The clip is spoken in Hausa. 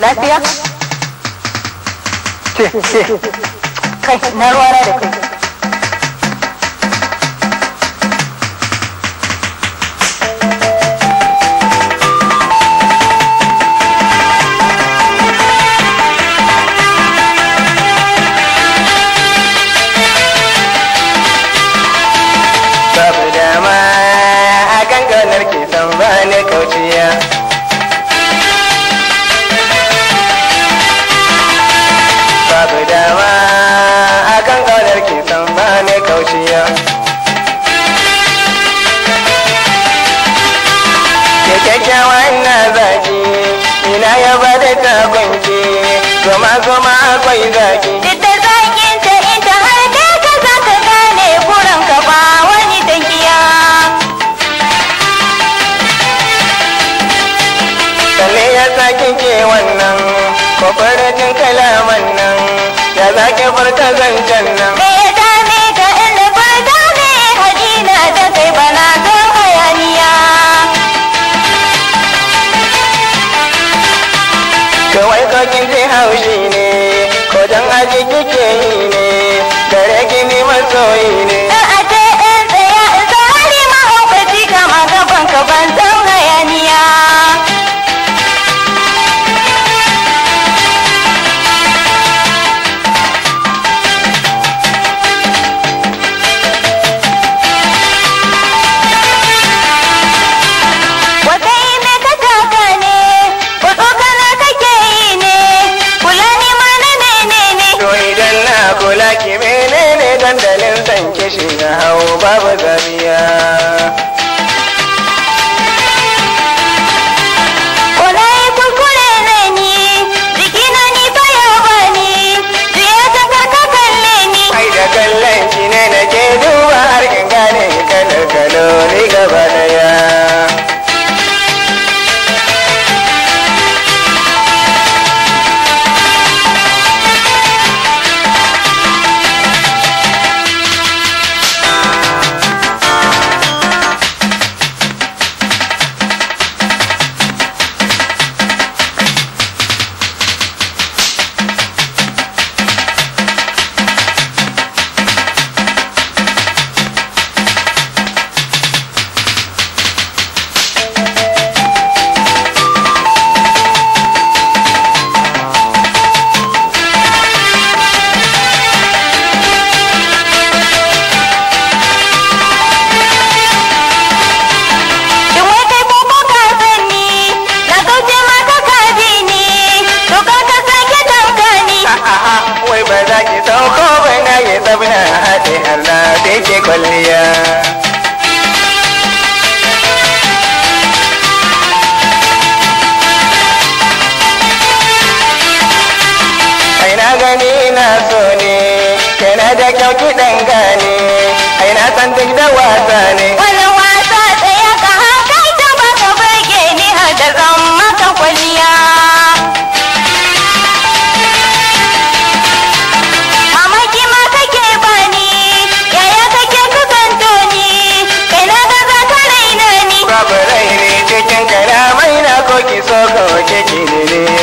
lafiya kai na ruwa da ta kwanke zuma zuma akwai zaki duk da zakin ta ita har dai ka za ta gane buran ka ba wani dangiya sanne ya sakin ke wannan kwakwaratin kalaman nan ya zaki farka zancen nan kawai kokin ji haushi ne ko don aji kike yi ne da rage ni masoyi ne ve vermeye. kwalliya ai na gani na so ne kai na da kyau kiɗan gane ai san duk da wasa ne take it in.